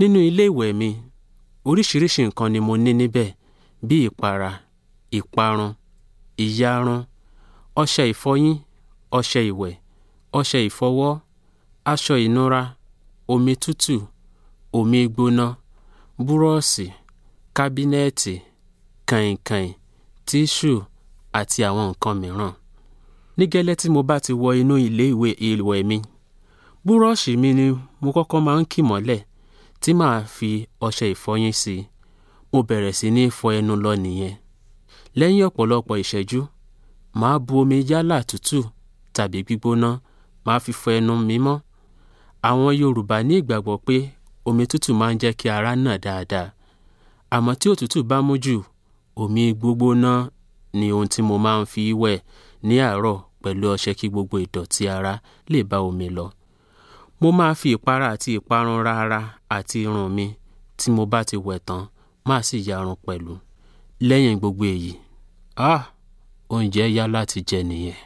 Nínú ilé ìwẹ̀ mi, oríṣiríṣi nǹkan ni mo ní níbẹ̀ bíi ìpara, ìparun, ìyarun, ọṣẹ ìfọyín, ọṣẹ ìwẹ̀, ọṣẹ ìfọwọ́, aṣọ ìnura, omi tútù, omi gbóná, búrọ́ọ̀sì, kábínẹ́ẹ̀tì, kàìnkàìn, tíṣù àti àwọn nǹkan mìíràn. Ní gẹ́lẹ́ tí mo bá ti wọ inú ilé ìwẹ̀ mi, búrọ́ọ̀ṣì mi ni mo kọ́kọ́ máa ń kì mọ́lẹ̀ tí màá fi ọṣẹ ìfọyín sí i mo bẹ̀rẹ̀ sí ní fọ ẹnu lọ nìyẹn lẹ́yìn ọ̀pọ̀lọpọ̀ ìṣẹ́jú màá bu omi yálà tútù tàbí gbígbóná màá fi fọ ẹnu mi mọ́ àwọn Yorùbá ní ìgbàgbọ́ pé omi tútù máa ń jẹ́ kí ara nà dáadáa àmọ́ tí òtútù bá mú jù omi gbígbóná ni ohun tí mo máa ń fi wẹ̀ ní àárọ̀ pẹ̀lú ọṣẹ kí gbogbo ìdọ̀tí ara lè bá omi lọ mo máa fi ìpara àti ìparun ra ara àti irun mi tí mo bá ti wẹ̀ tán máa sì yarun pẹ̀lú lẹ́yìn gbogbo èyí háà ah! oúnjẹ yá láti jẹ nìyẹn